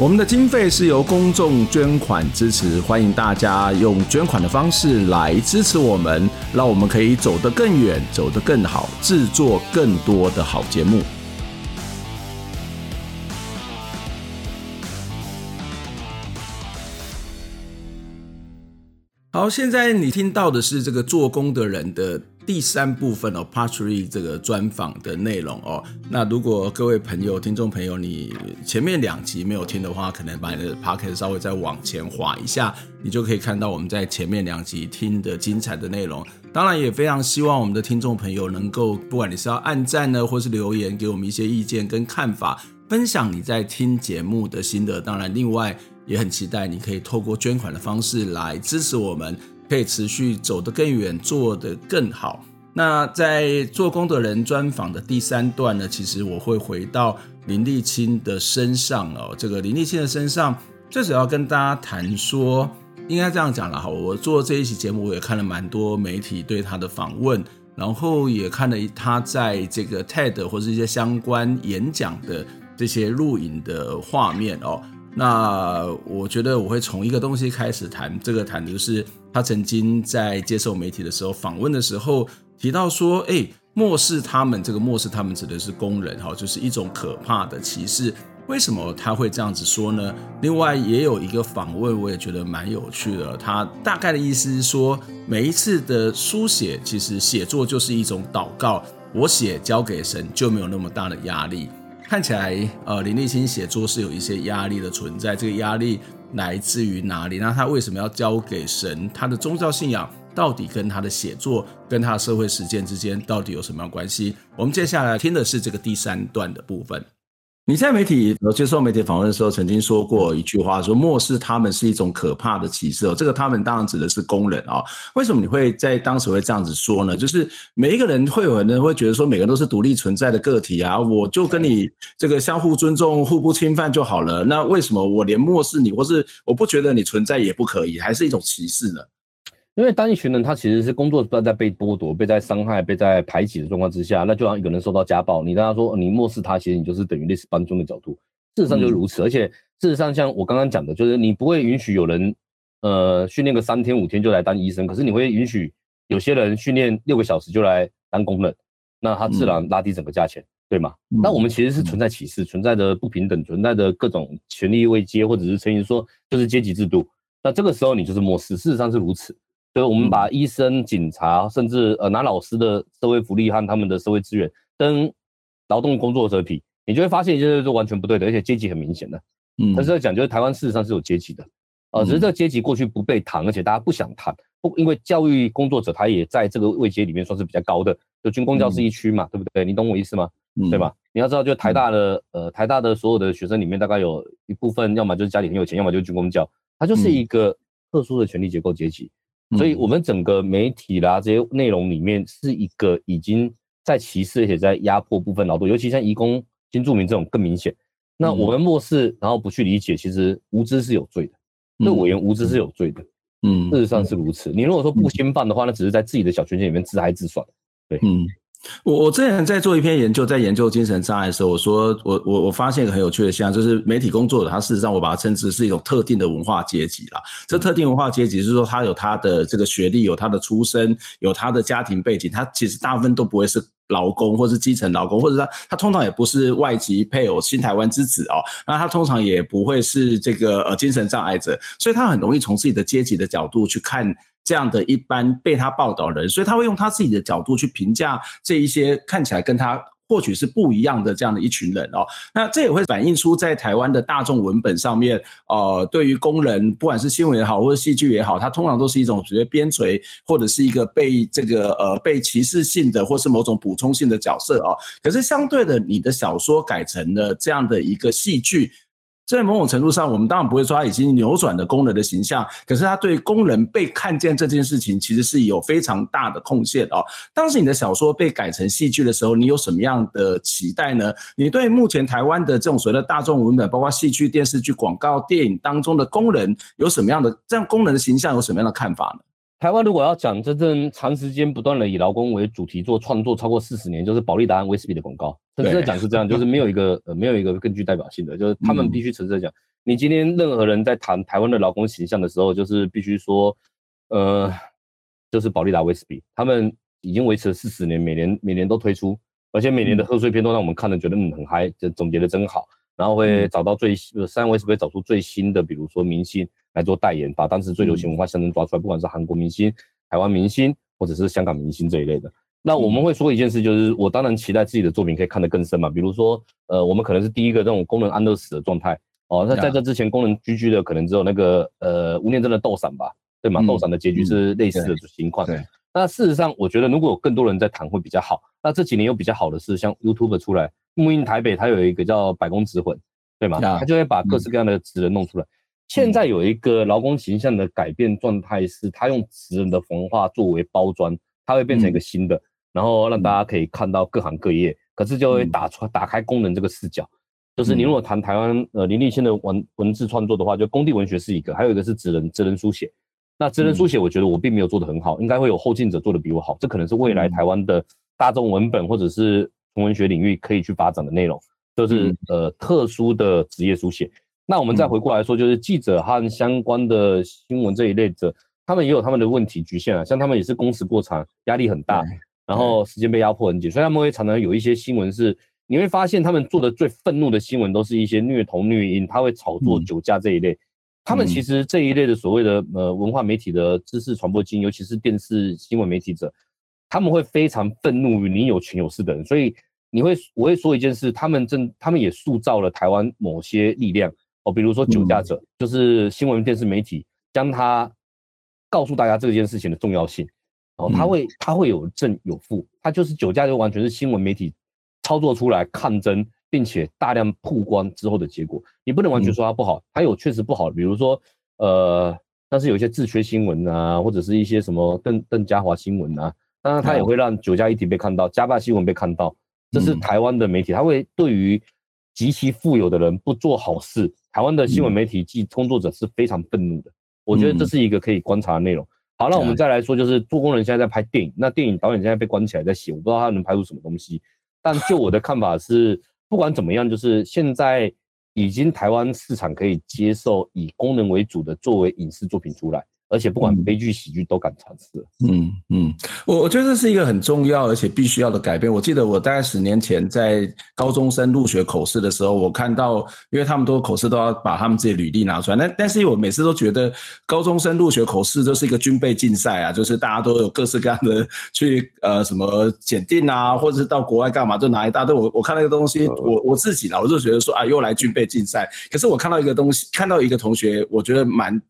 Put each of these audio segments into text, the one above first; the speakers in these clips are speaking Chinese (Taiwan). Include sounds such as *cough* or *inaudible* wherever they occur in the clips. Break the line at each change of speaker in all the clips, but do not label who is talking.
我們的經費是由公眾捐款支持，歡迎大家用捐款的方式來支持我們，讓我們可以走得更遠，走得更好，製作更多的好節目。好，現在你聽到的是這個做工的人的。第三部分哦，Part 3這個專訪的內容哦。那如果各位朋友、聽眾朋友，你前面兩集沒有聽的話，可能把你的 podcast 稍微再往前滑一下，你就可以看到我們在前面兩集聽的精彩的內容。當然，也非常希望我們的聽眾朋友能夠，不管你是要按讚呢，或是留言給我們一些意見跟看法，分享你在聽節目的心得。當然，另外也很期待你可以透過捐款的方式來支持我們。可以持續走得更遠，做得更好。那在做工的人專訪的第三段呢，其實我會回到林立青的身上哦。這個林立青的身上，最主要跟大家談說，應該這樣講了哈。我做這一期節目，我也看了蠻多媒體對他的訪問，然後也看了他在這個 TED 或者一些相關演講的這些錄影的畫面哦。那我覺得我會從一個東西開始談，這個談就是。他曾經在接受媒體的時候，訪問的時候提到說：“誒，漠視他們，這個漠視他們指的是工人，哈，就是一種可怕的歧視。為什麼他會這樣子說呢？另外也有一個訪問，我也覺得蠻有趣的。他大概的意思是說，每一次的書寫，其實寫作就是一種禱告，我寫交給神，就沒有那麼大的壓力。看起來，呃，林立青寫作是有一些壓力的存在，這個壓力。”來自於哪裡？那他為什麼要交給神？他的宗教信仰到底跟他的寫作、跟他的社會實踐之間到底有什麼樣關係？我們接下來聽的是這個第三段的部分。你在媒體有接受媒體訪問的時候，曾經說過一句話說，說漠視他們是一種可怕的歧視哦。這個他們當然指的是工人啊、哦。為什麼你會在當時會這樣子說呢？就是每一個人會有人會覺得說，每個人都是獨立存在的個體啊，我就跟你這個相互尊重、互不侵
犯就好了。那為什麼我連漠視你，或是我不覺得你存在也不可以，
還是一種歧視
呢？因為當一群人他其實是工作不斷在被剝奪、被在傷害、被在排擠的狀況之下，那就像一個人受到家暴，你大家說，你漠視他，其實你就是等於類似幫中的角度，事實上就是如此。而且事實上，像我剛剛講的，就是你不會允許有人，呃，訓練個三天五天就來當醫生，可是你會允許有些人訓練六個小時就來當工人，那他自然拉低整個價錢，對嗎？那我們其實是存在歧視、存在的不平等、存在的各種權力位階，或者是聲音說就是階級制度。那這個時候你就是漠視，事實上是如此。所以，我們把醫生、警察，甚至呃拿老師的社會福利和他們的社會資源，跟勞動工作者比，你就會發現，就是完全不對的，而且階級很明顯的、啊。嗯，他是在講，就是台灣事實上是有階級的，哦、呃，只是這個階級過去不被談，而且大家不想談，不因為教育工作者他也在這個位階裡面算是比較高的，就軍公教是一區嘛、嗯，對不對？你懂我意思嗎？嗯、對吧？你要知道，就台大的、嗯，呃，台大的所有的學生裡面，大概有一部分，要麼就是家裡很有錢，要麼就是軍公教，他就是一個特殊的權力結構階級。所以我們，整個媒體啦，這些內容裡面，是一個已經在歧視，而且在壓迫部分勞動，尤其像移工、新住民這種更明顯。那我們漠視，然後不去理解，其實無知是有罪的。那、嗯、我言無知是有罪的，嗯，事實上是如此。嗯嗯、你如果說不先辦的話、嗯，那只是在自己的小圈圈裡面自嗨自爽，對。嗯我我之前在做一篇研究，在研究精神障礙的時候，我說我我我發現一個很有趣的現象，就是
媒體工作者，他事實上我把它稱之是一種特定的文化階級啦。這特定文化階級是說，他有他的這個學歷，有他的出身，有他的家庭背景，他其實大部分都不會是勞工，或是基層勞工，或者他他通常也不是外籍配偶、新台灣之子哦，那他通常也不會是這個呃精神障礙者，所以他很容易從自己的階級的角度去看。這樣的一般被他報道的人，所以他會用他自己的角度去評價這一些看起來跟他或許是不一樣的這樣的一群人哦。那這也會反映出在台灣的大眾文本上面，呃，對於工人，不管是新聞也好，或者戲劇也好，它通常都是一種直接邊陲或者是一個被這個呃被歧視性的或是某種補充性的角色哦，可是相對的，你的小說改成了這樣的一個戲劇。在某種程度上，我們當然不會說它已經扭轉了工人的形象，可是它對工人被看見這件事情，其實是有非常大的貢獻哦。當時你的小說被改成戲劇的時候，你有什麼樣的期待呢？你對目前台灣的這種所謂的大眾文本，包括戲劇、電視劇、廣告、電影當中的工人，有什麼樣的這樣工人的形象有什麼樣的看
法呢？台灣如果要講真正長時間不斷的以勞工為主題做創作超過四十年，就是保力達威士比的廣告。但是講是這樣，就是沒有一個呃沒有一個更具代表性的，就是他們必須承認講，你今天任何人在談台灣的勞工形象的時候，就是必須說，呃，就是保力達威士比。他們已經維持了四十年，每年每年都推出，而且每年的賀歲片都讓我們看得覺得嗯很嗨，就總結得真好，然後會找到最新，不三威士比找出最新的，比如說明星，來做代言，把當時最流行文化象徵抓出來、嗯，不管是韓國明星、台灣明星，或者是香港明星這一類的。那我們會說一件事，就是、嗯、我當然期待自己的作品可以看得更深嘛。比如說，呃，我們可能是第一個這種工人安樂死的狀態哦。那在這之前，工人 GG 的可能只有那個呃吳念真的多桑吧，對嘛、嗯？多桑的結局是類似的情況。嗯嗯、那事實上，我覺得如果有更多人在談會比較好。那這幾年有比較好的是像 YouTube 出來，木印台北，它有一個叫百工職魂，對嘛、嗯？他就會把各式各樣的職人弄出來。現在有一個勞工形象的改變狀態，是他用職人的文化作為包裝，他會變成一個新的、嗯，然後讓大家可以看到各行各業，可是就會打穿、嗯、打開工人這個視角。就是你如果談台灣呃，林立青的文文字創作的話，就工地文學是一個，還有一個是職人職人書寫。那職人書寫，我覺得我並沒有做得很好，嗯、應該會有後進者做得比我好。這可能是未來台灣的大眾文本或者是文學領域可以去發展的內容，就是呃、嗯、特殊的職業書寫。那我們再回過來說，就是記者和相關的新聞這一類者，他們也有他們的問題局限啊，像他們也是工時過長，壓力很大，然後時間被壓迫很緊，所以他們會常常有一些新聞是，你會發現他們做的最憤怒的新聞都是一些虐童虐嬰，他會炒作酒駕這一類。他們其實這一類的所謂的呃文化媒體的知識傳播精英，尤其是電視新聞媒體者，他們會非常憤怒於你有權有勢的人。所以你會我會說一件事，他們正他們也塑造了台灣某些力量。哦，比如說酒駕者、嗯，就是新聞電視媒體將他告訴大家這件事情的重要性，然、嗯、後、哦、他會他會有正有負，他就是酒駕就完全是新聞媒體操作出來抗爭，並且大量曝光之後的結果。你不能完全說他不好，還、嗯、有確實不好，比如說呃，但是有一些自缺新聞啊，或者是一些什麼鄧鄧家華新聞啊，當然他也會讓酒駕議題被看到，嗯、家暴新聞被看到，這是台灣的媒體，嗯、他會對於極其富有的人不做好事。台灣的新聞媒體及工作者是非常憤怒的，我覺得這是一個可以觀察的內容。好，那我們再來說，就是做工人現在在拍電影，那電影導演現在被關起來在寫，我不知道他能拍出什麼東西。但就我的看法是，不管怎麼樣，就是現在已經台灣市場可以接受以工人為主的作為影視作品出來。而且不管悲劇、喜劇都敢嘗試。嗯嗯，我我覺得這是一個很重要而且必須要的改變。我
記得我大概十年前在高中生入學考試的時候，我看到，因為他們都考試都要把他們自己履歷拿出來。但但是我每次都覺得高中生入學考試就是一個軍備競賽啊，就是大家都有各式各樣的去呃什麼檢定啊，或者是到國外幹嘛，就拿一大堆。我我看那個東西，我我自己啦，我就覺得說啊，又來軍備競賽。可是我看到一個東西，看到一個同學，我覺得蠻。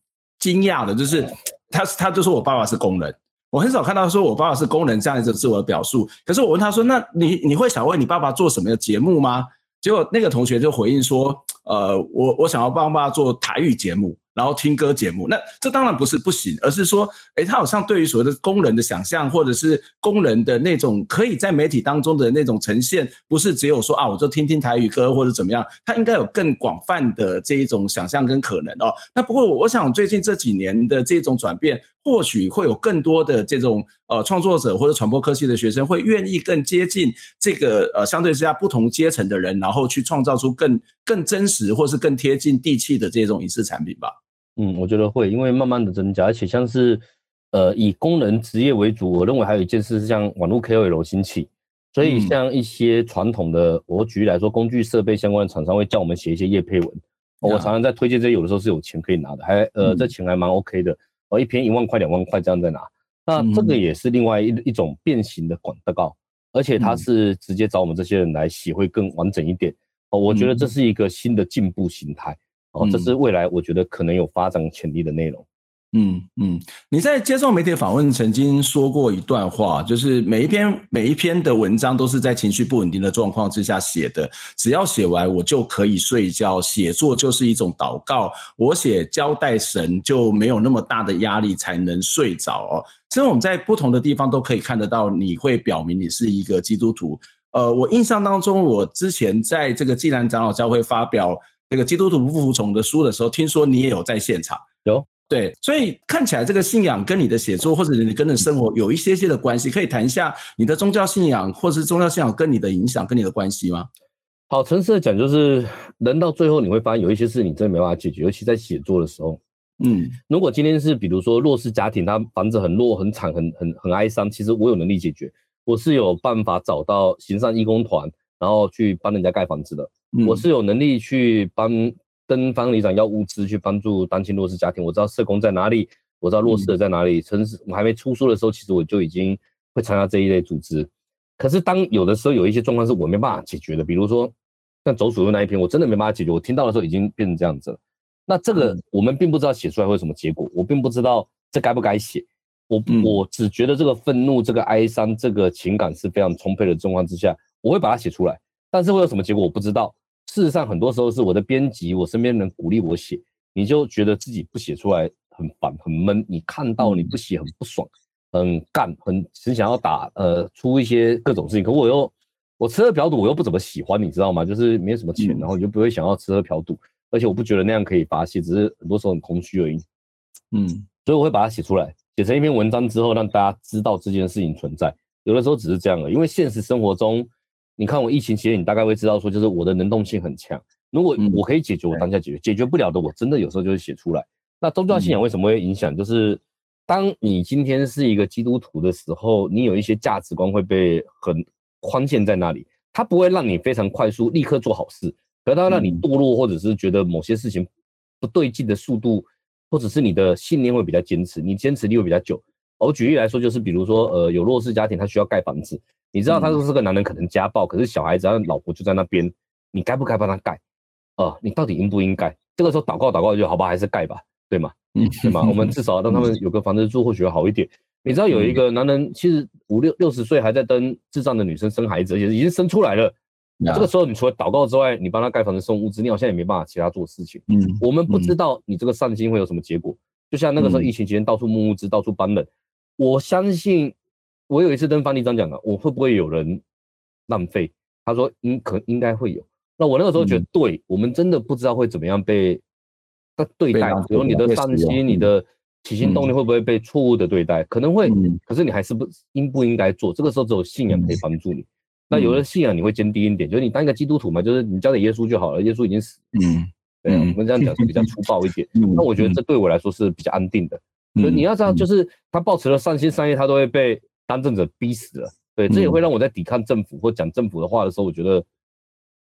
驚訝的，就是他，他就說我爸爸是工人，我很少看到說我爸爸是工人這樣一種自我的表述。可是我問他說：“那你你會想問你爸爸做什麼節目嗎？”結果那個同學就回應說：“呃，我我想要幫爸爸做台語節目。”然後聽歌節目，那這當然不是不行，而是說，哎，他好像對於所謂的工人的想象，或者是工人的那種可以在媒體當中的那種呈現，不是只有說啊，我就聽聽台語歌或者怎麼樣，他應該有更廣泛的這一種想象跟可能哦。那不過我想，最近這幾年的這種轉變，或許會有更多的這種呃創作者或者傳播科系的學生，會願意更接近這個呃相對之下不同階層的人，然後去創造出更更真實或是更
貼近地氣的這種影視產品吧。嗯，我覺得會，因為慢慢的增加，而且像是呃以工人職業為主。我認為還有一件事是像網絡 KOL 興起。所以像一些傳統的，我舉例來說，工具設備相關的廠商會叫我們寫一些業配文。嗯、我常常在推薦這些，有的時候是有錢可以拿的，還呃這錢還蠻 OK 的，哦、嗯，一篇一萬塊、兩萬塊這樣在拿。那這個也是另外一、嗯、一種變形的廣告，而且他是直接找我們這些人來寫、嗯，會更完整一點。我覺得這是一個新的進步形態。哦，這是未來我覺得可能有發展潛力的內容嗯。
嗯嗯，你在接受媒體訪問曾經說過一段話，就是每一篇每一篇的文章都是在情緒不穩定的狀況之下寫的。只要寫完，我就可以睡覺。寫作就是一種禱告，我寫交代神就沒有那麼大的壓力，才能睡着。哦，其實我們在不同的地方都可以看得到，你會表明你是一個基督徒。呃，我印象當中，我之前在這個濟南長老教會發表那、這個《基督徒不服從》的書的時候，聽說你也有在現場。有、哦、對，所以看起來這個信仰跟你的寫作或者你跟你的生活有一些些的關係，可以談一下你的宗教信仰，或者是宗教信仰跟你的影響跟你的關係嗎？
好，誠實的講，就是人到最後你會發現有一些事你真的沒辦法解決，尤其在寫作的時候。嗯，如果今天是比如說弱勢家庭，他房子很弱很慘、很很很哀傷，其實我有能力解決。我是有辦法找到行善義工團，然後去幫人家蓋房子的。嗯、我是有能力去幫登方里長要物資去幫助單親弱勢家庭。我知道社工在哪裡，我知道弱勢的在哪裡。甚至，嗯，我還沒出書的時候，其實我就已經會參加這一類組織。可是當有的時候有一些狀況是我沒辦法解決的，比如說像走水路那一篇我真的沒辦法解決。我聽到的時候已經變成這樣子了。那這個我們並不知道寫出來會有什麼結果，我並不知道這該不該寫。我我只覺得這個憤怒、這個哀傷、這個情感，是非常充沛的狀況之下，我會把它寫出來。但是會有什麼結果，我不知道。事實上，很多時候是我的編輯、我身邊人鼓勵我寫，你就覺得自己不寫出來很煩、很悶。你看到你不寫很不爽、很乾、很只想要打呃出一些各種事情。可我又我吃喝嫖賭，我又不怎麼喜歡，你知道嗎？就是沒什麼錢，然後你就不會想要吃喝嫖賭，嗯、而且我不覺得那樣可以發洩，只是很多時候很空虛而已。嗯，所以我會把它寫出來。寫成一篇文章之後，讓大家知道這件事情存在，有的時候只是這樣的。因為現實生活中，你看我疫情期間，你大概會知道說，就是我的能動性很強。如果我可以解決，我當下解決；解決不了的，我真的有時候就會寫出來。那宗教信仰為什麼會影響？就是當你今天是一個基督徒的時候，你有一些價值觀會被很框限在那裡，它不會讓你非常快速立刻做好事，可能它讓你墮落，或者是覺得某些事情不對勁的速度。或者是你的信念會比較堅持，你堅持力會比較久。我舉例來說，就是比如說，呃，有弱勢家庭他需要蓋房子，你知道他說是個男人可能家暴，嗯、可是小孩子他老婆就在那邊，你該不該幫他蓋？呃，你到底應不應該？這個時候禱告禱告就好吧，還是蓋吧，對嗎？嗯，是嗎？我們至少讓他們有個房子住，或許好一點，嗯。你知道有一個男人，其實五六六十歲還在跟智障的女生生孩子，而且已經生出來了。這個時候，你除了禱告之外，你幫他蓋房子送物資，你好像也沒辦法其他做事情。嗯。我們不知道你這個善心會有什麼結果。嗯、就像那個時候疫情期間到處募物資、嗯、到處搬的，我相信我有一次跟方立章講了，我會不會有人浪費？他說，應，應可應該會有。那我那個時候覺得，嗯、對我們真的不知道會怎麼樣被對待。對啊、比如你的善心、嗯、你的起心動念會不會被錯誤的對待？嗯、可能會、嗯，可是你還是不應不應該做。這個時候只有信仰可以幫助你。嗯那有的信仰，你會堅定一點。就是你當一個基督徒嘛，就是你交給耶穌就好了。耶穌已經死。嗯，對、啊嗯，我們這樣講是比較粗暴一點、嗯。那我覺得這對我來說是比較安定的。嗯、所以你要知道，就是他抱持了善心善意，他都會被當政者逼死了、嗯。對，這也會讓我在抵抗政府或講政府的話的時候，我覺得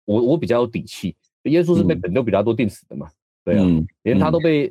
我我比較有底氣。耶穌是被本丟彼拉多釘死的嘛？嗯、對啊、嗯，連他都被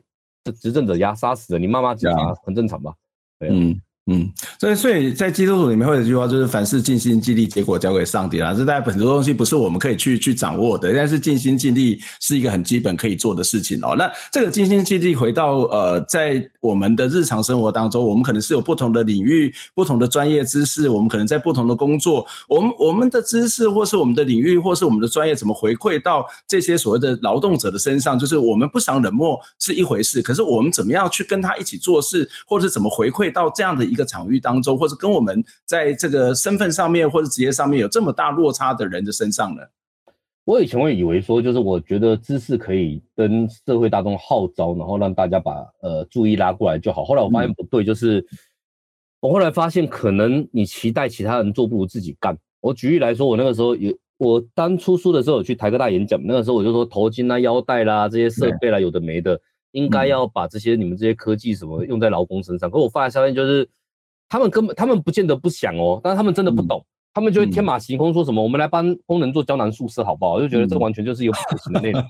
執政者壓殺死了，你慢慢講、啊，很正常吧？嗯、對啊。嗯嗯，所以所以，在基督徒裡面會有句話，就是凡事盡心盡力，結果交給
上帝啦。這大家很多東西不是我們可以去去掌握的，但是盡心盡力是一個很基本可以做的事情哦。那這個盡心盡力，回到呃，在我們的日常生活當中，我們可能是有不同的領域、不同的專業知識，我們可能在不同的工作，我們我們的知識或是我們的領域或是我們的專業，怎麼回饋到這些所謂的勞動者的身上？就是我們不想冷漠是一回事，可是我們怎麼樣去跟他一起做事，或者是怎麼回饋到這樣的？一個場域當中，或是跟我們在這個身份上面或者職業上面有這麼大落差的人的身上呢？
我以前會以為說，就是我覺得知識可以跟社會大眾號召，然後讓大家把呃注意拉過來就好。後來我發現不對、嗯，就是我後來發現可能你期待其他人做，不如自己幹。我舉例來說，我那個時候有，我當初書的時候有去台科大演講，那個時候我就說頭巾啊、腰帶啦、啊、這些設備啦、啊嗯，有的沒的，應該要把這些你們這些科技什麼、嗯、用在勞工身上。可我發現，發現就是。他們根本他們不見得不想哦，但是他們真的不懂、嗯，他們就會天馬行空說什麼“嗯、我們來幫工人做膠囊宿舍，好不好？”我就覺得這完全就是有不可行的內容。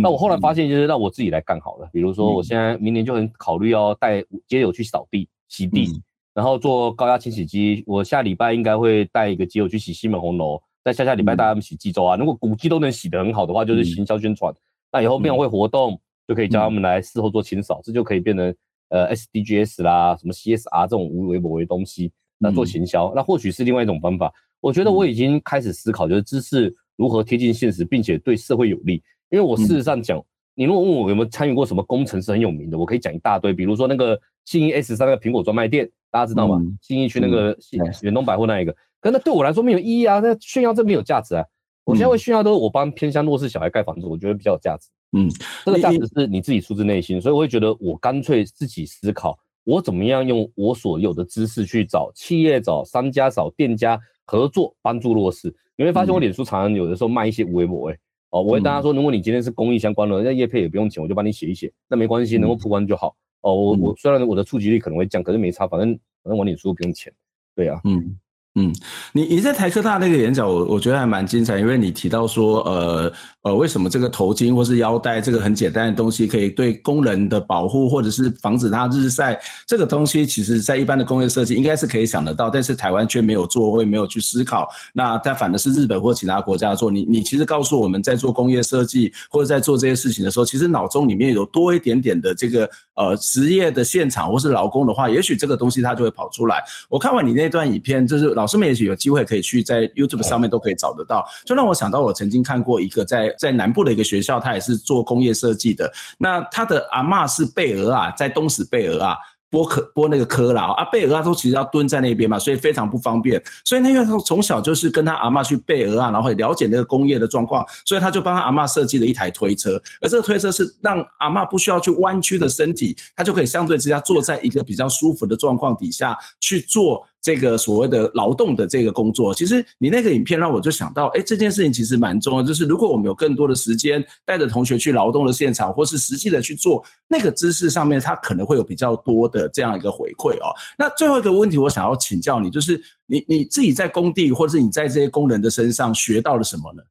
那、嗯、我後來發現，就是讓我自己來幹好了。比如說，我現在明年就很考慮要帶街友去掃地、洗地，嗯、然後做高壓清洗機。我下禮拜應該會帶一個街友去洗西門紅樓，再下下禮拜帶他們洗紀州啊、嗯。如果古蹟都能洗得很好的話，就是行銷宣傳、嗯。那以後廟會活動、嗯、就可以叫他們來事後做清掃、嗯，這就可以變成。呃，S D G S 啦，什麼 C S R 這種無為無為的東西，那做行銷、嗯，那或許是另外一種方法。我覺得我已經開始思考，就是知識如何貼近現實，並且對社會有利。因為我事實上講、嗯，你如果問我有沒有參與過什麼工程是很有名的，我可以講一大堆。比如說那個信義 A13 那個蘋果專賣店，大家知道嗎？信、嗯、義區那個遠東百貨那一個，嗯、可那對我來說沒有意義啊，那炫耀這沒有價值啊。我現在會需要都是我幫偏向弱勢小孩蓋房子，我覺得比較有價值嗯。嗯，這個價值是你自己出自內心，所以我會覺得我乾脆自己思考，我怎麼樣用我所有的知識去找企業、找商家、找店家合作，幫助弱勢。你會發現我臉書常常有的時候賣一些微波，哎哦，我跟大家說，如果你今天是公益相關的，那業配也不用錢，我就幫你寫一寫，那沒關係，能夠曝光就好哦。我我、嗯、雖然我的觸及率可能會降，可是沒差，反正反正我臉書不用錢。對呀、啊，嗯。嗯，你你在台科大那個演
講，我我覺得還蠻精彩，因為你提到說，呃呃，為什麼這個頭巾或是腰帶這個很簡單的東西，可以對工人的保護或者是防止他日曬。這個東西，其實在一般的工業設計應該是可以想得到，但是台灣卻沒有做，會沒有去思考。那但反而是日本或其他國家做。你你其實告訴我們在做工業設計或者在做這些事情的時候，其實腦中裡面有多一點點的這個。呃，職業的現場或是勞工的話，也許這個東西它就會跑出來。我看完你那段影片，就是老師們也許有機會可以去在 YouTube 上面都可以找得到，就讓我想到我曾經看過一個在在南部的一個學校，他也是做工業設計的，那他的阿嬤是貝爾啊，在東石貝爾啊。剝殼剝那個殼啦,阿貝爾啊都其實要蹲在那邊嘛，所以非常不方便。所以那個時候從小就是跟他阿嬤去貝爾啊，然後也了解那個工業的狀況，所以他就幫他阿嬤設計了一台推車，而這個推車是讓阿嬤不需要去彎曲的身體，他就可以相對之下坐在一個比較舒服的狀況底下去做。這個所謂的勞動的這個工作，其實你那個影片讓我就想到，哎，這件事情其實蠻重要，就是如果我們有更多的時間帶着同學去勞動的現場，或是實際的去做那個知識上面，它可能會有比較多的這樣一個回饋哦。那最後一個問題，我想要請教你，就是你你自己在工地，或是你在這些工人的身上學到了什麼呢？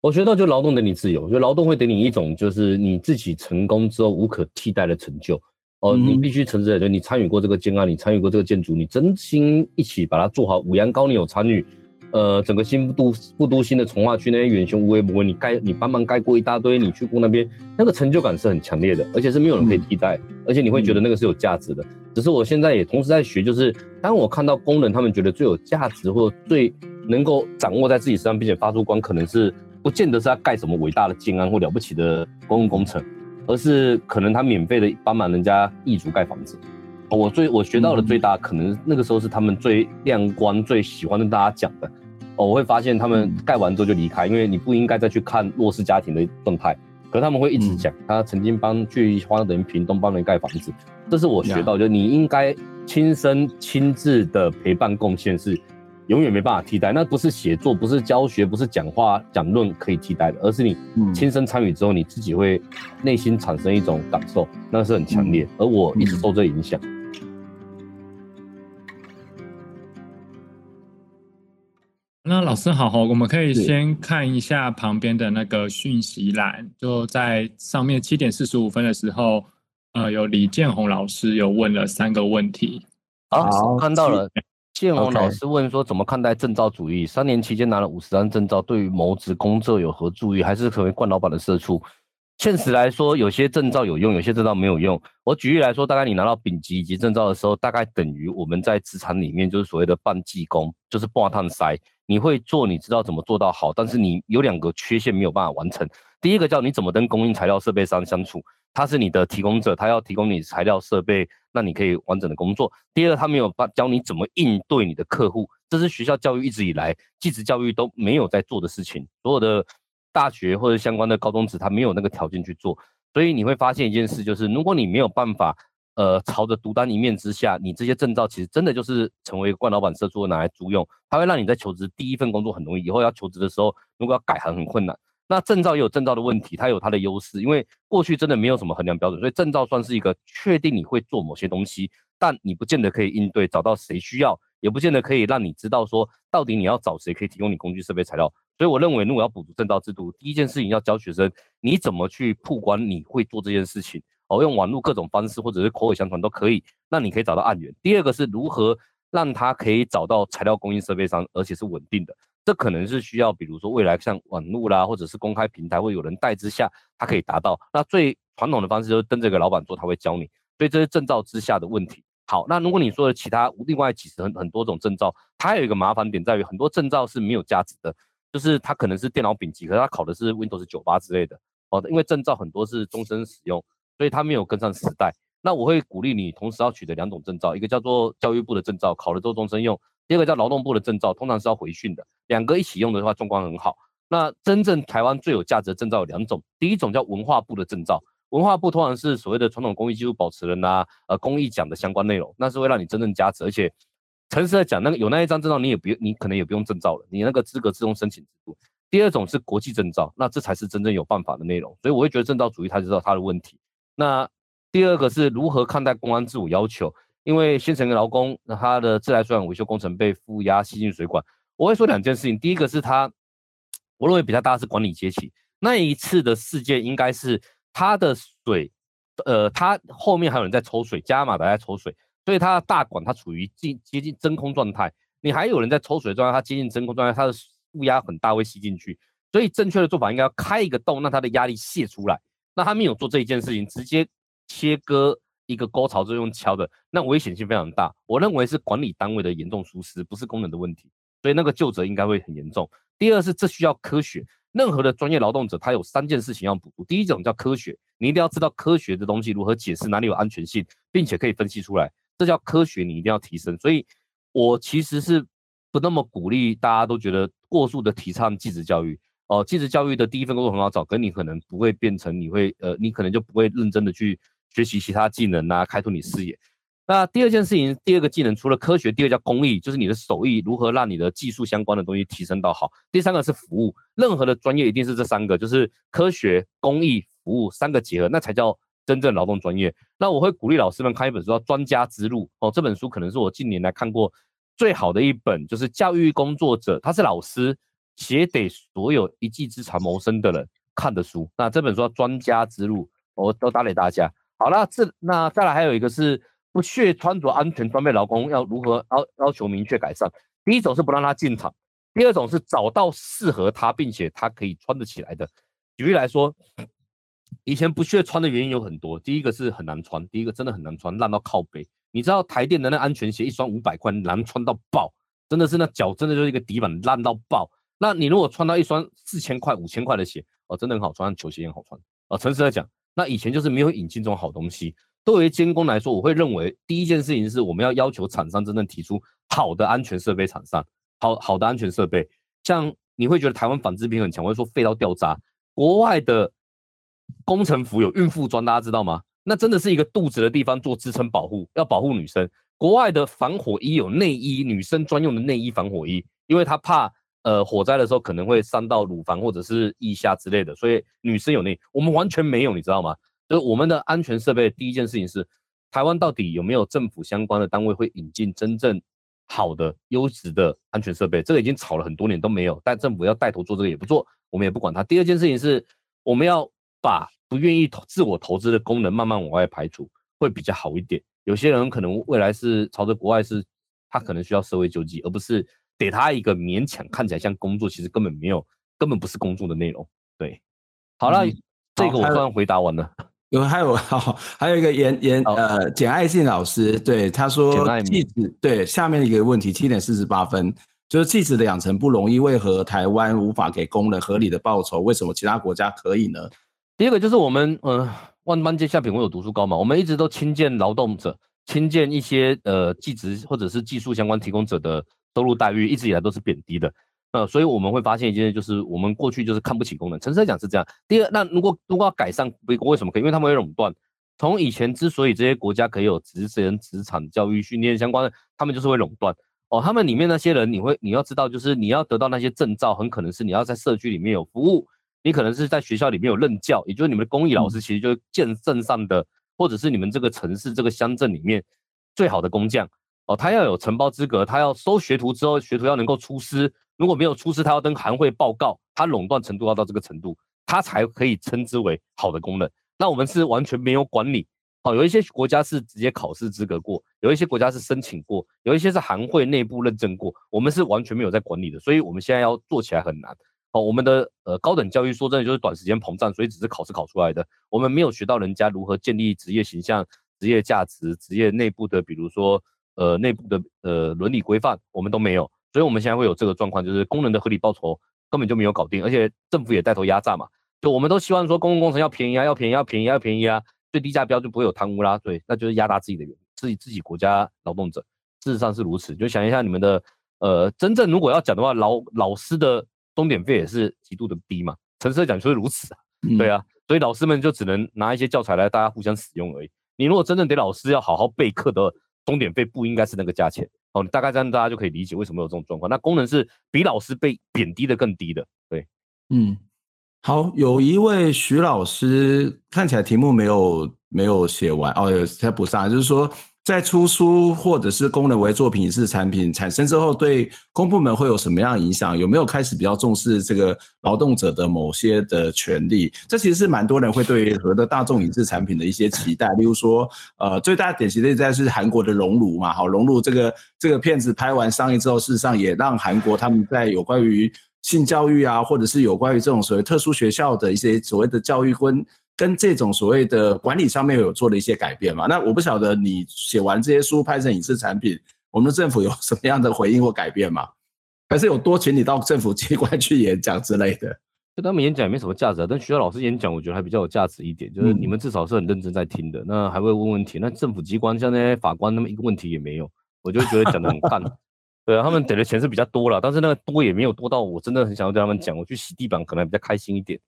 我學到就勞動給你自由，就勞動會給你一種，就是你自己成功之後無可替代的成就。哦，你必須承認，就是、你參與過這個建案，你參與過這個建築，你真心一起把它做好。五楊高，你有參與，呃，整個新都、不都新的重劃區那些遠雄、無微不微，你蓋你幫忙蓋過一大堆，你去過那邊，那個成就感是很強烈的，而且是沒有人可以替代，嗯、而且你會覺得那個是有價值的、嗯。只是我現在也同時在學，就是當我看到工人他們覺得最有價值或最能夠掌握在自己身上，並且發出光，可能是不見得是要蓋什麼偉大的建案或了不起的公共工程。而是可能他免費的幫忙人家一族蓋房子，哦、我最我學到的最大可能那個時候是他們最亮光、嗯、最喜歡的，大家講的、哦、我會發現他們蓋完之後就離開，因為你不應該再去看弱勢家庭的狀態，可他們會一直講、嗯、他曾經幫去幫人屏東幫人蓋房子，這是我學到的、嗯，就你應該親身親自的陪伴貢獻是。永遠沒辦法替代，那不是寫作，不是教學，不是講話講論可以替代的，而是你親身參與之後、嗯，你自己會內心產生一種感受，那是很強烈、嗯。而我一直受這影響、嗯。那老師好，我們可以先看一下旁邊的那個訊息欄，就在上面七點四十五分的時候，呃，有李建宏老師有問了三個問題。啊、就是，好，看到了。建宏老師問說：怎麼看待證照主義？Okay。三年期間拿了五十張證照，對於謀職工作有何助益？還是可能慣老板的社畜？現實來說，有些證照有用，有些證照沒有用。我舉例來說，大概你拿到丙級以及證照的時候，大概等於我們在職場裡面就是所謂的半技工，就是半燙塞。你會做，你知道怎麼做到好，但是你有兩個缺陷沒有辦法完成。第一個，叫你怎麼跟供應材料設備商相處，他是你的提供者，他要提供你材料設備，讓你可以完整的工作。第二，他沒有教你怎麼應對你的客戶，這是學校教育一直以來，技職教育都沒有在做的事情。所有的大學或者相關的高中職，他沒有那個條件去做。所以你會發現一件事，就是如果你沒有辦法，呃，朝着獨當一面之下，你這些證照其實真的就是成為一個慣老闆社做的拿來租用，它會讓你在求職第一份工作很容易，以後要求職的時候，如果要改行很困難。那證照也有證照的問題，它有它的優勢，因為過去真的沒有什麼衡量標準，所以證照算是一個確定你會做某些東西，但你不見得可以應對找到誰需要，也不見得可以讓你知道說到底你要找誰可以提供你工具設備材料。所以我認為，如果要補足證照制度，第一件事情要教學生你怎麼去曝光你會做這件事情，哦，用網絡各種方式或者是口耳相傳都可以，那你可以找到案源。第二個是如何讓他可以找到材料供應設備商，而且是穩定的。這可能是需要，比如說未來像網絡啦，或者是公開平台會有人帶之下，它可以達到。那最傳統的方式就是跟這個老闆做，他會教你。所以這些證照之下的問題，好，那如果你說的其他另外其實很很多種證照，它有一個麻煩點在於很多證照是沒有價值的，就是它可能是電腦丙級，可是它考的是 Windows 九八之類的哦，因為證照很多是終身使用，所以它沒有跟上時代。那我會鼓勵你同時要取得兩種證照，一個叫做教育部的證照，考了之後終身用。第二個叫勞動部的證照，通常是要回訓的。兩個一起用的話，狀況很好。那真正台灣最有價值的證照有兩種，第一種叫文化部的證照，文化部通常是所謂的傳統工藝技術保持人啊，呃，工藝獎的相關內容，那是會讓你真正加持。而且，誠實的講，那個有那一張證照，你也不，你可能也不用證照了，你那個資格自動申請制度。第二種是國際證照，那這才是真正有辦法的內容。所以，我會覺得證照主義，他知道他的問題。那第二個是如何看待公安自我要求？因為先城的勞工，那他的自來水管維修工程被負壓吸進水管。我會說兩件事情，第一個是他，我認為比較大的是管理階級。那一次的事件應該是他的水，呃，他後面還有人在抽水，加馬達在抽水，所以他的大管他處於近接近真空狀態。你還有人在抽水狀態，他接近真空狀態，它的負壓很大，會吸進去。所以正確的做法應該要開一個洞，讓它的壓力泄出來。那他沒有做這一件事情，直接切割。一個溝槽就用敲的，那危險性非常大。我認為是管理單位的嚴重疏失，不是工人的問題，所以那個究責應該會很嚴重。第二是這需要科學，任何的專業勞動者他有三件事情要補充。第一種叫科學，你一定要知道科學的東西如何解釋哪裡有安全性，並且可以分析出來，這叫科學，你一定要提升。所以，我其實是不那麼鼓勵大家都覺得過度的提倡技職教育。哦、呃，技職教育的第一份工作很好找，跟你可能不會變成，你會呃，你可能就不會認真的去。學習其他技能啊，開拓你視野。那第二件事情，第二個技能除了科學，第二叫工藝，就是你的手藝如何讓你的技術相關的東西提升到好。第三個是服務，任何的專業一定是這三個，就是科學、工藝、服務三個結合，那才叫真正勞動專業。那我會鼓勵老師們看一本書，叫《專家之路》哦。這本書可能是我近年來看過最好的一本，就是教育工作者，他是老師寫給所有一技之長謀生的人看的書。那這本書叫《專家之路》，我都打給大家。好了，那這那再來還有一個是不屑穿着安全裝備，勞工要如何要要求明確改善？第一種是不讓他進場，第二種是找到適合他並且他可以穿得起來的。舉例來說，以前不屑穿的原因有很多，第一個是很難穿，第一個真的很難穿，爛到靠背。你知道台電的那安全鞋，一雙五百塊，難穿到爆，真的是那腳真的就是一個底板爛到爆。那你如果穿到一雙四千塊、五千塊的鞋，哦，真的很好穿，球鞋也很好穿。啊、哦，誠實來講。那以前就是沒有引進這種好東西。對於監工來說，我會認為第一件事情是我們要要求廠商真正提出好的安全設備廠商。廠商好好的安全設備，像你會覺得台灣紡織品很強，我會說廢到掉渣。國外的工程服有孕婦裝，大家知道嗎？那真的是一個肚子的地方做支撐保護，要保護女生。國外的防火衣有內衣，女生專用的內衣防火衣，因為她怕。呃，火災的時候可能會傷到乳房或者是腋下之類的，所以女生有那，我們完全沒有，你知道嗎？就是我們的安全設備，第一件事情是，台灣到底有沒有政府相關的單位會引進真正好的優質的安全設備？這個已經吵了很多年都沒有，但政府要帶頭做這個也不做，我們也不管它。第二件事情是，我們要把不願意投自我投資的功能慢慢往外排除，會比較好一點。有些人可能未來是朝着國外是，是他可能需要社會救濟，而不是。給他一個勉強看起來像工作，其實根本沒有，根本不是工作的內容。對，好了，嗯，這個我算回答完
了。有，還有，有，還，有、哦、還有一個嚴、嚴、哦、呃簡愛信老師對他說簡愛對下面一個問題七點四十八分，就是技職的養成不容易，為何台灣無法給工人合理的報酬？為什麼其
他國家可以呢？第二個就是我們呃萬般皆下品唯有讀書高嘛，我們一直都輕賤勞動者，輕賤一些呃技職或者是技術相關提供者的。收入待遇一直以來都是貶低的，呃，所以我們會發現一件事，就是我們過去就是看不起工人。誠實來講是這樣。第二，那如果如果要改善，為為什麼可以？因為他們會壟斷。從以前之所以這些國家可以有職人、職場、教育、訓練相關的，他們就是會壟斷。哦，他們裡面那些人，你會你要知道，就是你要得到那些證照，很可能是你要在社區裡面有服務，你可能是在學校裡面有任教，也就是你們的公民老師，其實就是見證上的、嗯，或者是你們這個城市這個鄉鎮裡面最好的工匠。哦，他要有承包資格，他要收學徒之後，學徒要能夠出師。如果沒有出師，他要跟行會報告。他壟斷程度要到這個程度，他才可以稱之為好的工人。那我們是完全沒有管理。哦，有一些國家是直接考試資格過，有一些國家是申請過，有一些是行會內部認證過。我們是完全沒有在管理的，所以我們現在要做起來很難。哦，我們的呃高等教育說真的就是短時間膨脹，所以只是考試考出來的，我們沒有學到人家如何建立職業形象、職業價值、職業內部的，比如說。呃，內部的呃倫理規範我們都沒有，所以我們現在會有這個狀況，就是工人的合理報酬，根本就沒有搞定，而且政府也帶頭壓榨嘛。就我們都希望說，公共工程要便宜啊，要便宜，要便宜，要便宜啊，最低價標就不會有貪污啦。對，那就是壓榨自己的人，自己自己國家勞動者，事實上是如此。就想一下，你們的呃，真正如果要講的話，老老師的鐘點費也是極度的低嘛。誠實講就是如此啊。對啊，所以老師們就只能拿一些教材來大家互相使用而已。你如果真正得老師要好好備課的。終點費不應該是那個價錢哦，大概這樣大家就可以理解為什麼有這種狀況。那功能是比老師被貶低的更低的，對，嗯，
好，有一位徐老師，看起來題目沒有沒有寫完哦，有在補上，就是說。在出書或者是工人為作品影視產品產生之後，對公部門會有什麼樣影響？有沒有開始比較重視這個勞動者的某些的權利？這其實是蠻多人會對很多的大眾影視產品的一些期待。例如說，呃，最大典型例子在是韓國的《熔爐》嘛，好，《熔爐》這個這個片子拍完上映之後，事實上也讓韓國他們在有關於性教育啊，或者是有關於這種所謂特殊學校的一些所謂的教育觀。跟這種所謂的管理上面有做了一些改變嘛？那我不曉得你寫完這些書拍成影視產品，我們的政府有什麼樣的回應或改變嘛？還是有多請你到政府機關去
演講之類的？就他們演講也沒什麼價值，啊，但學校老師演講我覺得還比較有價值一點，就是你們至少是很認真在聽的，嗯，那還會問問題。那政府機關像那些法官，那麼一個問題也沒有，我就覺得講得很爛。 *laughs* 對，他們給的錢是比較多了，但是那個多也沒有多到我真的很想要跟他們講，我去洗地板可能還比較開心一點。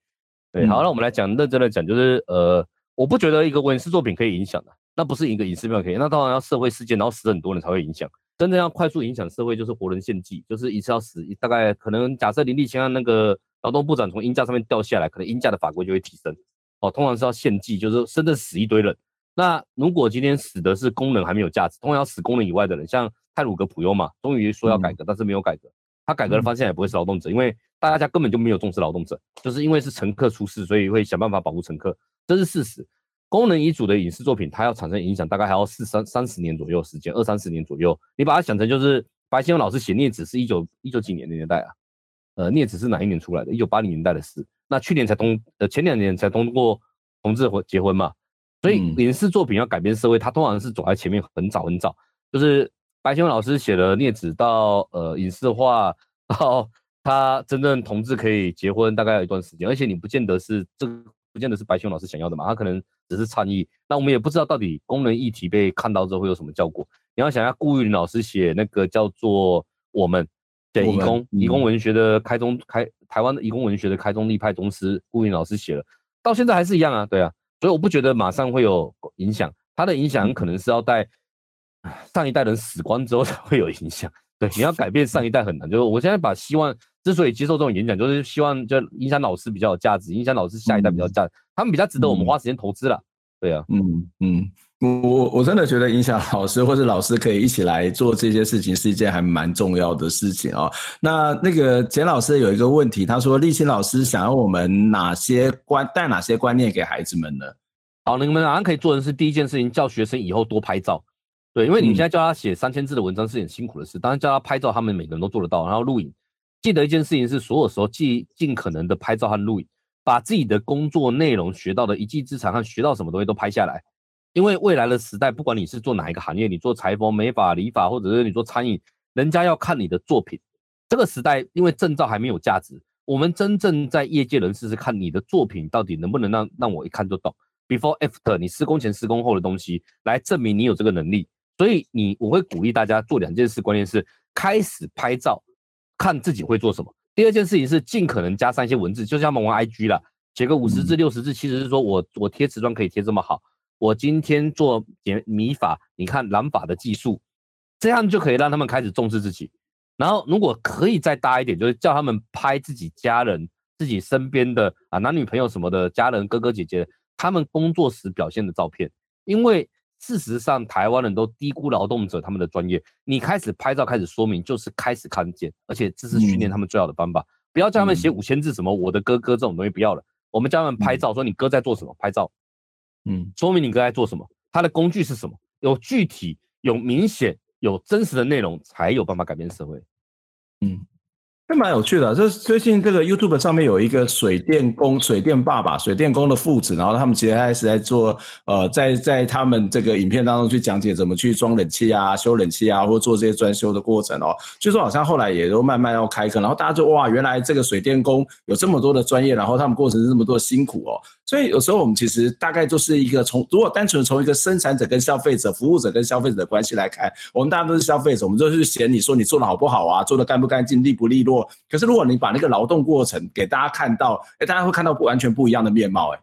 對，好，那我們來講，認真的講，就是呃，我不覺得一個文學作品可以影響的，那不是一個影視有可以，那當然要社會事件，然後死很多人才會影響。真正要快速影響社會，就是活人獻祭，就是一次要死大概可能假設林立青那個勞動部長從鷹架上面掉下來，可能鷹架的法規就會提升。哦，通常是要獻祭，就是甚至死一堆人。那如果今天死的是工人還沒有價值，通常要死工人以外的人，像太魯閣、普悠瑪嘛，終於說要改革，嗯，但是沒有改革。嗯、他改革的方向也不會是勞動者，因為大家根本就沒有重視勞動者，就是因為是乘客出事，所以會想辦法保護乘客，這是事實。工人為主的影視作品，它要產生影響，大概還要四三三十年左右時間，二三十年左右。你把它想成就是白先勇老師寫《孽子》是一九一九幾年的年代啊，呃，《孽子》是哪一年出來的？一九八零年代的事。那去年才通，呃，前兩年才通過同志婚結婚嘛，所以、嗯、影視作品要改變社會，它通常是走在前面，很早很早，就是。白先勇老師寫了《孽子》到呃影視化，到他真正同志可以結婚，大概有一段時間。而且你不見得是這個，不見得是白先勇老師想要的嘛，他可能只是倡議。那我們也不知道到底工人議題被看到之後會有什麼效果。你要想一下顧玉玲老師寫那個叫做我《我們》移，對、嗯，移工移工文學的開宗開台灣的移工文學的開宗立派宗師顧玉玲老師寫了，到現在還是一樣啊，對啊，所以我不覺得馬上會有影響，他的影響可能是要帶、嗯。上一代人死光之後才會有影響。對，你要改變上一代很難。 *laughs* 就是我現在把希望，之所以接受這種演講，就是希望就影響老師比較有價值，影響老師下一代比較價值、嗯，他們比較值得我們花時間投資了、嗯。對啊，嗯
嗯，我我真的覺得影響老師或者老師可以一起來做這些事情，是一件還蠻重要的事情啊、哦。那那個簡老師有一個問題，他說立青老師想要我們哪些觀，帶哪些觀念給孩子們呢？
好，你們馬上可以做的是第一件事情，叫學生以後多拍照。對，因為你現在叫他寫三千字的文章是很辛苦的事，嗯，當然叫他拍照，他們每個人都做得到。然後錄影，記得一件事情是，所有時候儘儘可能的拍照和錄影，把自己的工作內容學到的一技之長和學到什麼東西都拍下來。因為未來的時代，不管你是做哪一個行業，你做裁縫、美髮、理髮，或者是你做餐飲，人家要看你的作品。這個時代，因為證照還沒有價值，我們真正在業界人士是看你的作品到底能不能讓讓我一看就懂。Before after，你施工前、施工後的東西，來證明你有這個能力。所以你我會鼓勵大家做兩件事，關鍵是開始拍照，看自己會做什麼。第二件事情是盡可能加上一些文字，就像我們玩 IG 啦，寫個五十字六十字，其實是說，我我貼瓷磚可以貼這麼好，我今天做剪米法，你看染髮的技術，這樣就可以讓他們開始重視自己。然後如果可以再大一點，就是叫他們拍自己家人、自己身邊的啊男女朋友什麼的，家人哥哥姐姐他們工作時表現的照片，因為。事實上，台灣人都低估勞動者他們的專業。你開始拍照，開始說明，就是開始看見，而且這是訓練他們最好的方法。嗯。不要叫他們寫五千字什麼我的哥哥這種東西，不要了。我們叫他們拍照，說你哥在做什麼？拍照，嗯，說明你哥在做什麼？他的工具是什麼？有具體、有明顯、有真實的內容，才有辦法改變社會。嗯，
嗯。還蠻有趣的啊，這最近這個 YouTube 上面有一個水電工、水電爸爸、水電工的父子，然後他們其實還是在做呃，在在他們這個影片當中去講解怎麼去裝冷氣啊、修冷氣啊，或者做這些裝修的過程哦。就說好像後來也都慢慢要開課，然後大家就哇，原來這個水電工有這麼多的專業，然後他們過程是這麼多辛苦哦。所以有時候我們其實大概就是一個從如果單純從一個生產者跟消費者，服務者跟消費者的關係來看，我們大家都是消費者，我們就是嫌你說你做的好不好啊，做的乾不乾淨、利不利落。可是如果你把那個勞動過程給大家看到，哎、欸，大家會看到不完全不一樣的面貌，欸。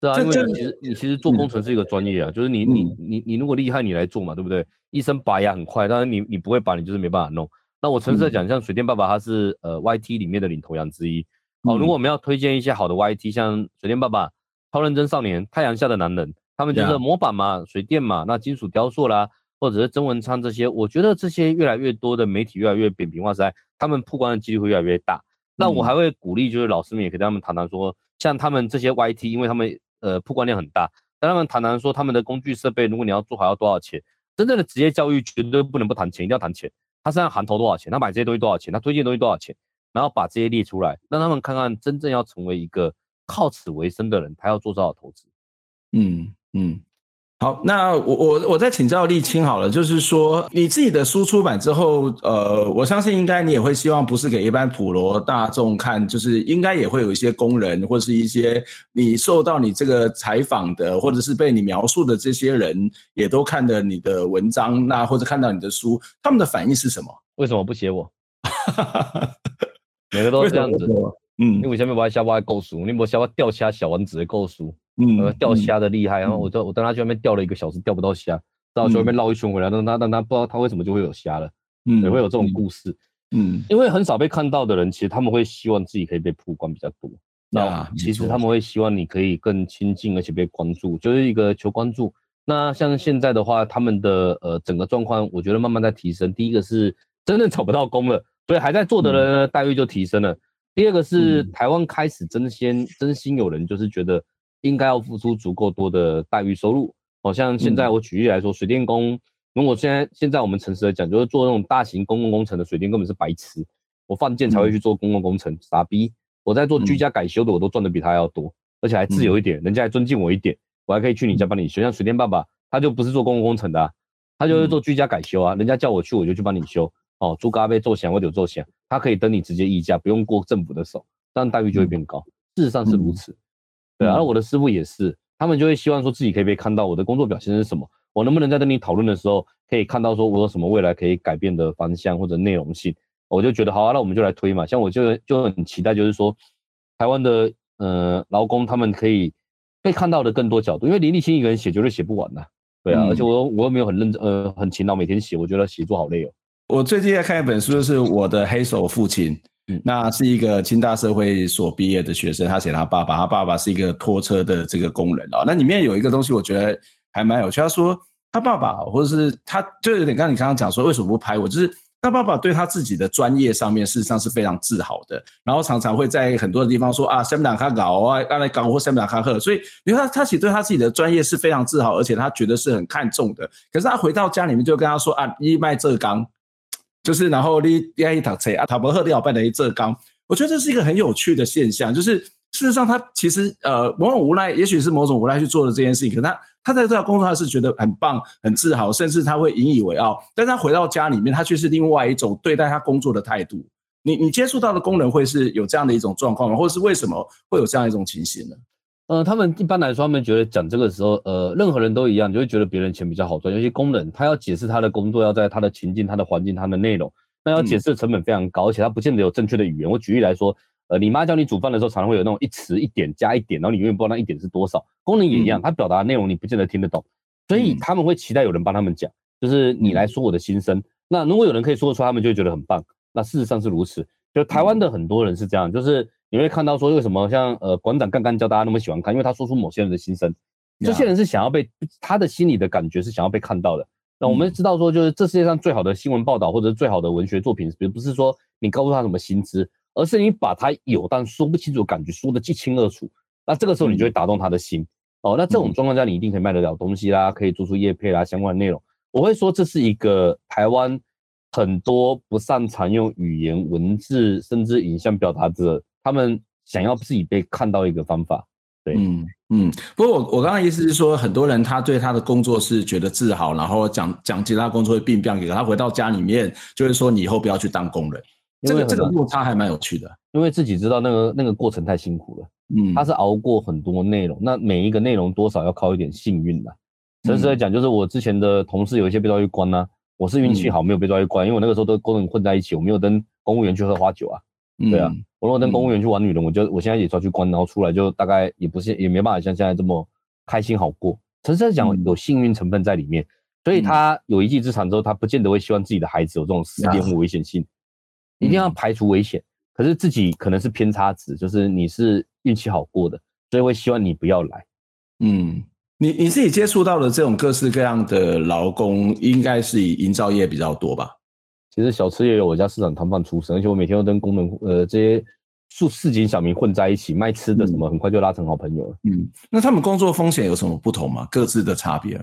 哎、啊，這這其實你其實做工程是一個專業啊、嗯，就是你你你你如果厲害，你來做嘛，對不對？醫生、嗯、拔牙很快，但是你你不會拔，你就是沒辦法弄。那我純粹講，像水電爸爸，他是呃 YT 裡面的領頭羊之一。好、嗯哦，如果我們要推薦一些好的 YT，像水電爸爸。超認真少年，太陽下的男人，他們就是模板嘛，yeah. 水電嘛，那金屬雕塑啦，啊，或者是曾文昌這些，我覺得這些越來越多的媒體，越來越扁平化時代，他們曝光的幾率會越來越大。那我還會鼓勵，就是老師們也可以跟他們談談，說、嗯、像他們這些 YT，因為他們呃曝光量很大，跟他們談談說他們的工具設備，如果你要做好要多少錢？真正的職業教育絕對不能不談錢，一定要談錢。他身上行頭多少錢？他買這些東西多少錢？他推薦東西多少錢？然後把這些列出來，讓他們看看，真正要成為一個。靠此為生的人，他要做到投資？嗯嗯，好，那我我我再請教立青好了，就是說你自己
的書出版之後，呃，我相信應該你也會希望不是給一般普羅大眾看，就是應該也會有一些工人或是一些你受到你這個採訪的或者是被你描述的這些人也都看的你的文章、啊，那或者看到你的書，他們的反應是什麼？
為什麼不寫我？ *laughs* 每個都是這樣子。嗯，因為前面挖蝦挖的夠熟，那摸蝦挖釣蝦小王子的夠熟，嗯，釣、呃、蝦的厲害。嗯、然後我，就我在我帶他去那邊釣了一個小時，釣不到蝦，然後去外面撈一圈回來。那他那不知道他為什麼就會有蝦了，嗯，也會有這種故事。嗯，嗯，因為很少被看到的人，其實他們會希望自己可以被曝光比較多。知道嗎？其實他們會希望你可以更親近，而且被關注，就是一個求關注。嗯、那像現在的話，他們的呃整個狀況，我覺得慢慢在提升。第一個是真的找不到工了，所以還在做的人呢，待、嗯、遇就提升了。第二個是、嗯、台灣開始真心真心有人，就是覺得應該要付出足夠多的待遇收入。好像現在我舉例來說，嗯、水電工如果現在現在我們誠實的講，就是做那種大型公共工程的水電根本是白痴。我犯賤才會去做公共工程，傻、嗯、逼！我在做居家改修的，我都賺得比他要多，而且還自由一點，嗯，人家還尊敬我一點，我還可以去你家幫你修。像水電爸爸，他就不是做公共工程的，啊，他就是做居家改修啊、嗯。人家叫我去，我就去幫你修。哦，豬咖啡奏響或者有奏響，他可以等你直接議價，不用過政府的手，但待遇就會變高。嗯、事實上是如此，嗯、對、啊。而、嗯、我的師傅也是，他們就會希望說自己可以被看到，我的工作表現是什麼，我能不能在跟你討論的時候可以看到說，我有什麼未來可以改變的方向或者內容性。我就覺得好啊，那我們就來推嘛。像我就就很期待，就是說台灣的呃勞工他們可以被看到的更多角度，因為林立青一個人寫絕對寫不完吶、啊，對啊。嗯、而且我我又沒有很認真呃很勤勞每天寫，我覺得寫作好累哦。我最近在看一本書，就是我的黑手父親。那是一個清大
社會所畢業的學生，他寫他爸爸，他爸爸是一個拖車的這個工人哦。那裡面有一個東西我覺得還蠻有趣，他說他爸爸，或者是他，就有點像你剛剛講說為什麼不拍我，就是他爸爸對他自己的專業上面事實上是非常自豪的，然後常常會在很多的地方說啊，三打卡搞啊，剛才搞或三打卡喝。所以你看他寫對他自己的專業是非常自豪，而且他覺得是很看重的。可是他回到家裡面就跟他說啊，一賣這缸。就是，然後你第一車啊，塔博赫你好，拜雷澤剛。我覺得這是一個很有趣的現象，就是事實上他其實呃某種無奈，也許是某種無奈去做的這件事情。可他他在這條工作上是覺得很棒、很自豪，甚至他會引以為傲。但是他回到家裡面，他卻是另外一種對待他工作的態度。你你接觸到的工人會是有這樣的一種狀況嗎？或是為什麼會有這樣一種情形呢？
呃，他們一般來說，他們覺得講這個時候，呃，任何人都一樣，就會覺得別人錢比較好賺。尤其工人，他要解釋他的工作，要在他的情境、他的環境、他的內容，那要解釋的成本非常高，嗯，而且他不見得有正確的語言。我舉例來說，呃，你媽叫你煮飯的時候，常常會有那種一詞一點加一點，然後你永遠不知道那一點是多少。工人也一樣，他、嗯、表達的內容你不見得聽得懂，所以他們會期待有人幫他們講，就是你來說我的心聲，嗯。那如果有人可以說得出來，他們就會覺得很棒。那事實上是如此，就台灣的很多人是這樣，嗯，就是。你會看到說，為什麼像呃館長剛剛教大家那麼喜歡看，因為他說出某些人的心聲，這些人是想要被、yeah. 他的心裡的感覺是想要被看到的。那我們知道說，就是這世界上最好的新聞報道或者最好的文學作品，嗯、不是說你告訴他什麼薪資，而是你把他有但說不清楚的感覺說得一清二楚，那這個時候你就會打動他的心、嗯、哦。那這種狀況下你一定可以賣得了東西啦，可以做出業配啦相關的內容。我會說，這是一個台灣很多不擅長用語言文字甚至影像表達的。他們想要自己被看到一個方法，對，嗯嗯。不過我我剛剛意思是
說，很多人他對他的工作是覺得自豪，然後講講其他工作會變不樣一，他回到
家裡面就是說，你以後不要去當工人。這個這個落差還蠻有趣的，因為自己知道那個那個過程太辛苦了。嗯，他是熬過很多內容，那每一個內容多少要靠一點幸運的、啊。誠、嗯、實來講，就是我之前的同事有一些被抓去關啊，我是運氣好，嗯、沒有被抓去關，因為我那個時候都跟工人混在一起，我沒有跟公務員去喝花酒啊。嗯、對啊。我如果當公務員去玩女人，我就、嗯、我現在也抓去關，然後出來就大概也不是也沒辦法像現在這麼開心好過。陳生講有幸運成分在裡面，所以他有一技之長之後、嗯，他不見得會希望自己的孩子有這種四點五危險性，一定要排除危險、嗯。可是自己可能是偏差值，就是你是運氣好過的，所以會希望你不要來。
嗯，你你自己接觸到的這種各式各樣的勞工，應該是以營造業比較多
吧？其實小吃也有，我家市場攤販出身，而且我每天都跟工人、呃，這些市市井小民混在一起賣吃的，什麼、嗯、很快就拉成好朋友了。嗯，那他們工作風險有什麼不同嗎？各自的差別？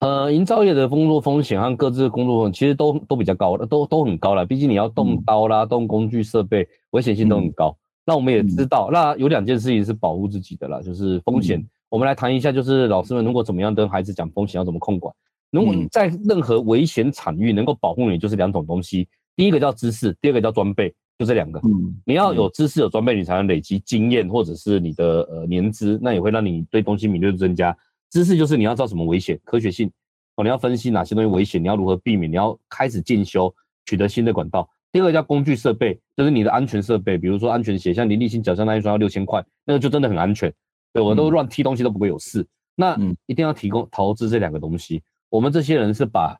呃，營造業的工作風險和各自的工作風險其實都都比較高，都都很高啦。畢竟你要動刀啦、嗯，動工具設備，危險性都很高。嗯、那我們也知道、嗯，那有兩件事情是保護自己的啦，就是風險。嗯、我們來談一下，就是老師們如果怎麼樣跟孩子講風險，要怎麼控管？如果你在任何危險場域能夠保護你，就是兩種東西，第一個叫知識，第二個叫裝備，就這兩個。你要有知識、有裝備，你才能累積經驗或者是你的呃年資，那也會讓你對東西敏銳度增加。知識就是你要知道什麼危險，科學性哦，你要分析哪些東西危險，你要如何避免，你要開始進修，取得新的管道。第二個叫工具設備，就是你的安全設備，比如說安全鞋，像林立青腳下那一雙要六千塊，那個就真的很安全，對，我都亂踢東西都不會有事。那一定要提供投資這兩個東西。我們這些人是把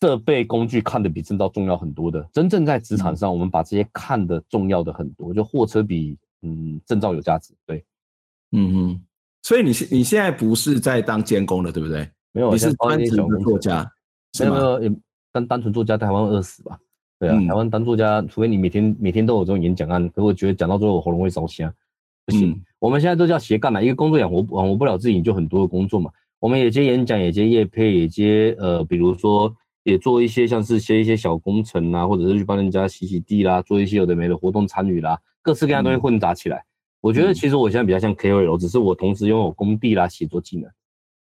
設備工具看得比證照重要很多的。真正在職場上，我們把這些看的重要的很多，就貨車比嗯證照有價值。對，嗯哼。所以你現你現在不是在當監工的，對不對？沒有，你是專職的作家。沒有沒有，單單純作家在台灣餓死吧？對啊，嗯、台灣當作家，除非你每天每天都有這種演講案，可我覺得講到最後喉嚨會燒聲。不行、嗯。我們現在都叫斜槓嘛，一個工作養活養活不了自己，你就很多的工作嘛。我們也接演講，也接業配，也接呃，比如說也做一些像是些一些小工程啊，或者是去幫人家洗洗地啦、啊，做一些有的沒的活動參與啦，各式各樣東西混雜起來。嗯、我覺得其實我現在比較像 KOL，只是我同時擁有工地啦，寫作技能。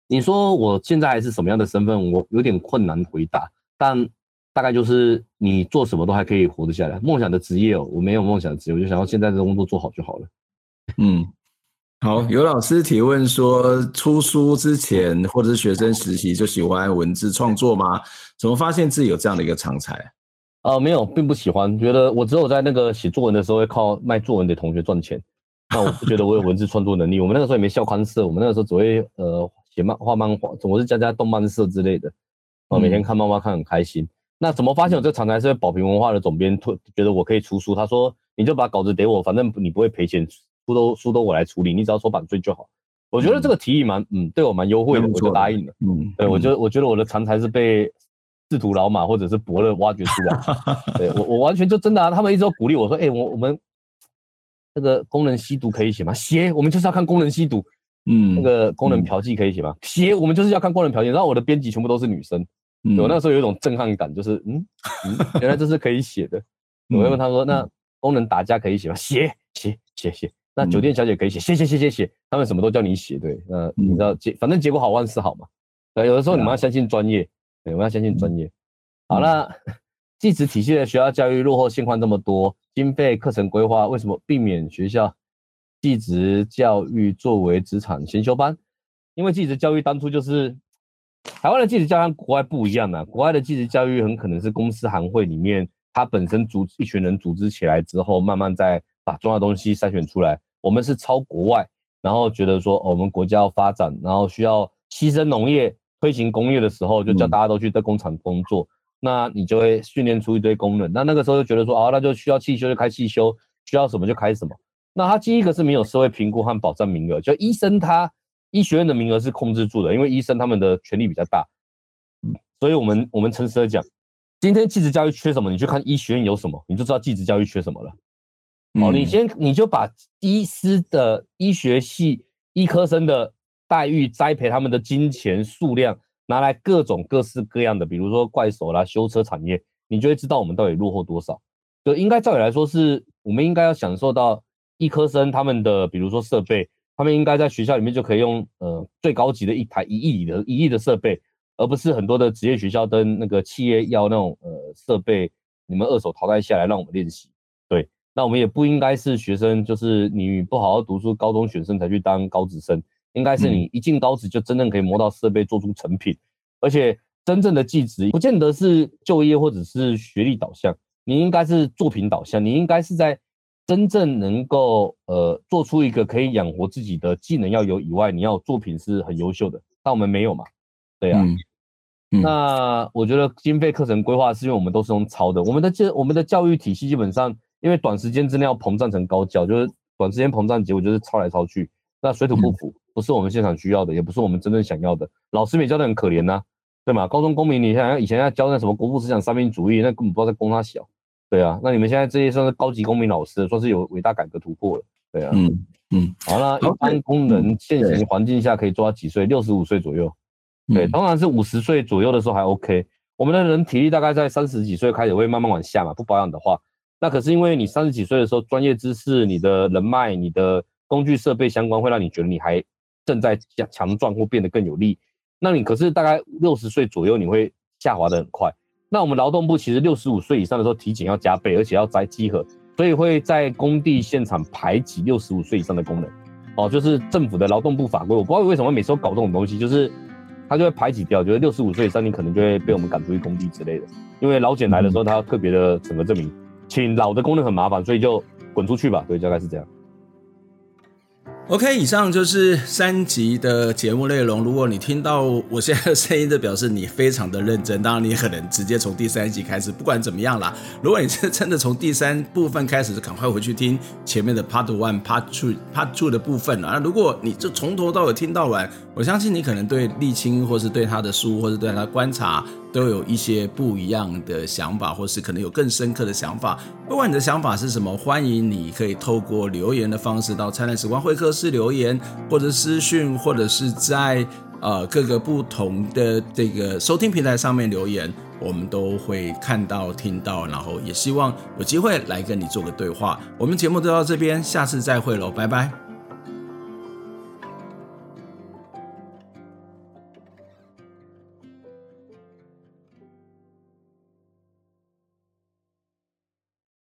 你說我現在還是什麼樣的身份？我有點困難回答，但大概就是你做什麼都還可以活得下來。夢想的職業哦，我沒有夢想職業，我就想要現在的工作做好就好了。
嗯。 *laughs* 好，有老師提問說，出書之前或者是學生實習就喜歡文字創作嗎？怎麼發現自己有這樣
的一個長才？啊、呃，沒有，並不喜歡，覺得我只有在那個寫作文的時候會靠賣作文給同學賺錢。但我不覺得我有文字創作能力。 *laughs* 我們那個時候也沒校刊社，我們那個時候只會呃寫漫畫漫畫，總是加加動漫社之類的。我每天看漫畫看很開心、嗯。那怎麼發現我這個長才？是寶瓶文化的總編推，覺得我可以出書。他說，你就把稿子給我，反正你不會賠錢。書都書都我來處理，你只要收版稅就好。我覺得這個提議蠻，嗯，對我蠻優惠的，我就答應了。嗯，對我覺得，我覺得我的長才是被識途老馬或者是伯樂挖掘出來。 *laughs* 對我，我完全就真的啊，他們一直都鼓勵我說，哎、欸，我我們那個工人吸毒可以寫嗎？寫，我們就是要看工人吸毒。嗯，那個工人嫖妓可以寫嗎？寫，嗯，我們就是要看工人嫖妓。然後我的編輯全部都是女生，我，嗯、那時候有一種震撼感，就是嗯，嗯，原來這是可以寫的。我，嗯、問，嗯嗯、他說，嗯，那工人打架可以寫嗎？寫寫寫寫。那酒店小姐可以寫？寫寫寫寫，他們什麼都叫你寫。對，那你知道結、嗯，反正結果好萬事好嘛。那有的時候你們要相信專業、嗯，對，我們要相信專業。嗯、好了，技職體系的學校教育落後現況這麼多，經費、課程規劃，為什麼避免學校技職教育作為職場先修班？因為技職教育當初就是台灣的技職教育跟國外不一樣啊，國外的技職教育很可能是公司行會裡面他本身組一群人組織起來之後，慢慢在。把重要東西篩選出來。我們是抄國外，然後覺得說，哦，我們國家要發展，然後需要犧牲農業，推行工業的時候，就叫大家都去在工廠工作。那你就會訓練出一堆工人。那那個時候就覺得說，哦，那就需要汽修就開汽修，需要什麼就開什麼。那他第一個是沒有社會評估和保障名額。就醫生他醫學院的名額是控制住的，因為醫生他們的權力比較大。所以我，我們我們誠實的講，今天技職教育缺什麼？你去看醫學院有什麼，你就知道技職教育缺什麼了。哦、嗯，你先你就把醫師的醫學系醫科生的待遇、栽培他們的金錢數量拿來各種各式各樣的，比如說怪手啦、修車產業，你就會知道我們到底落後多少。就應該照理來說，是我們應該要享受到醫科生他們的，比如說設備，他們應該在學校裡面就可以用呃最高級的一台一億的、一億的設備，而不是很多的職業學校跟那個企業要那種呃設備，你們二手淘汰下來讓我們練習。那我們也不應該是學生，就是你不好好讀書，高中學生才去當高職生。應該是你一進高職就真正可以摸到設備，做出成品，而且真正的技職不見得是就業或者是學歷導向，你應該是作品導向。你應該是在真正能夠呃做出一個可以養活自己的技能要有以外，你要作品是很優秀的。但我們沒有嘛？對啊，嗯嗯。那我覺得經費課程規劃是因為我們都是用抄的，我們的教我們的教育體系基本上。因為短時間之內要膨脹成高教，就是短時間膨脹結果就是抄來抄去，那水土不服、嗯，不是我們現場需要的，也不是我們真正想要的。老師也教得很可憐吶、啊，對嗎？高中公民，你想想以前要教那什麼國父思想、三民主義，那根本不知道在供他小。對啊，那你們現在這些算是高級公民老師，算是有偉大改革突破了。對啊，嗯嗯。好啦，一般工人現行環境下可以做到幾歲？六十五歲左右。對，當、嗯、然是五十歲左右的時候還 OK。我們的人體力大概在三十幾歲開始會慢慢往下嘛，不保養的話。那可是因為你三十幾歲的時候，專業知識、你的人脈、你的工具設備相關，會讓你覺得你還正在加強壯或變得更有力。那你可是大概六十歲左右，你會下滑得很快。那我們勞動部其實六十五歲以上的時候體檢要加倍，而且要摘機盒，所以會在工地現場排擠六十五歲以上的工人。哦，就是政府的勞動部法規，我不知道為什麼每次都搞這種東西，就是他就會排擠掉，就是六十五歲以上你可能就會被我們趕出去工地之類的。因為勞檢來的時候，他要特別的整個證明、嗯。請老的功能很麻煩，所以就滾出去吧。對，就大概是這樣。
OK，以上就是三集的節目內容。如果你聽到我現在的聲音，就表示你非常的認真。當然，你可能直接從第三集開始。不管怎麼樣啦，如果你是真的從第三部分開始，就趕快回去聽前面的 Part One、Part Two、Part Two 的部分了。那如果你就從頭到尾聽到完，我相信你可能對立青或是對他的書，或是對他的觀察。都有一些不一樣的想法，或是可能有更深刻的想法。不管你的想法是什麼，歡迎你可以透過留言的方式到燦爛時光會客室留言，或者私訊，或者是在呃各個不同的這個收聽平台上面留言，我們都會看到、聽到，然後也希望有機會來跟你做個對話。我們節目就到這邊，下次再會嘍，拜拜。